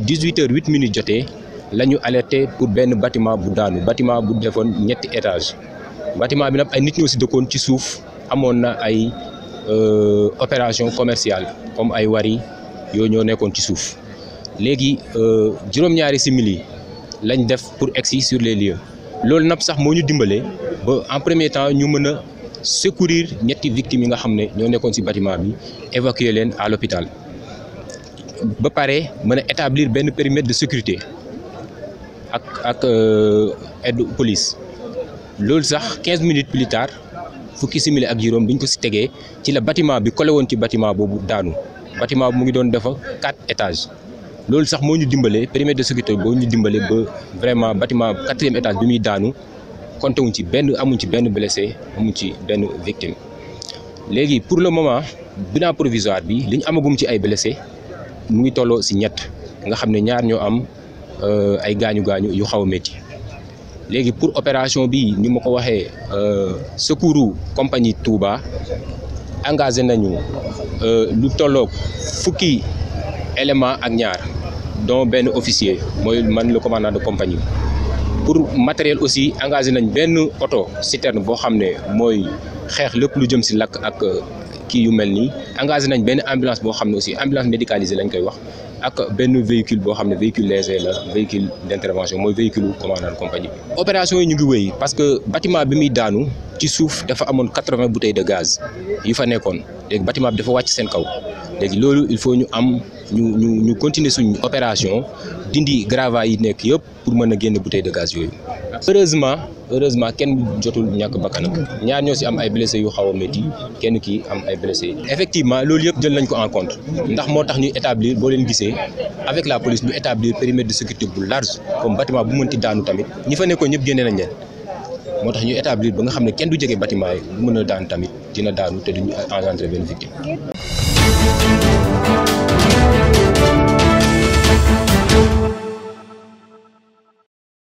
18 h 8 minutes joté lañu alerté pour ben bâtiment bu daanu bâtiment bu defone ñetti étage bâtiment bi nag ay nit ñoo si dëkkoon ci souf amon na ay euh, opération commerciale comme ay wari yo ñoo nekkoon ci légui euh juroom ñaari simili lañ def pour egsi sur les lieux lool nap sax moo ñu ba en premier temps ñu mëna secourir ñetti victimes yi nga xamné ñoo nekkoon ci bâtiment bi évacuer len à l'hôpital ba pare mën a établir benn périmètre de sécurité ak ak euh, aide police loolu sax quinze minutes plus tard fukki simile ak juróom bi ñu ko si tegee ci la batiment bi collé woon ci batiment boobu daanu bâtiment bi mu ngi doon dafa quatre étages loolu sax moo ñu dimbalee périmètre de sécurité boo ñu dimbalee ba vraiment bâtiment quatrième étage bi muy daanu compté ci benn amuñ ci benn blessé amuñ ci benn victime léegi pour le moment bilan provisoire bi li ñu amagum ci ay blessé mu ngi tolloo si ñett nga xam ne ñaar ñoo am euh, ay gaañu gaañu yu xaw a métti léegi pour opération bi ni ma ko waxee euh, secours compagnie Touba engagé nañu euh, lu tollook fukki élément ak ñaar dont benn officier mooy man le commandant de compagnie pour matériel aussi engagé nañ benn oto si citerne boo xam ne mooy. xeex lépp lu jëm si lakk ak euh, kii yu mel nii engagé nañ benn ambulance boo xam ne aussi ambulance médicalisée lañ koy wax ak benn véhicule boo xam ne véhicule léger la véhicule d'intervention mooy véhicule commandant compagnie bi. opération yi ñu ngi wéy parce que bâtiment bi muy daanu ci suuf dafa amoon 80 bouteilles de gaz yu fa nekkoon léegi bâtiment bi dafa wàcc seen kaw léegi loolu il faut ñu am ñu ñu ñu continuer suñu opération dindi gravats yi nekk yëpp pour mëna génné bouteille de gaz yoyu heureusement heureusement kenn jotul ñak bakana ñaar ñoo ci am ay blessé yu xaw a métti kenn kii am ay blessé effectivement loolu yépp jël nañ ko en compte ndax moo tax ñuy établir bo leen gissé avec la police ñu établir périmètre de sécurité bu large comme bâtiment bu mënti daanu tamit ñi fa nekkoon ñëpp génnee nañ leen moo tax ñu établir ba nga xam ne kenn du jege bâtiment yi bu mën a daanu tamit dina daanu te duñu engendrer benn victime Thank you.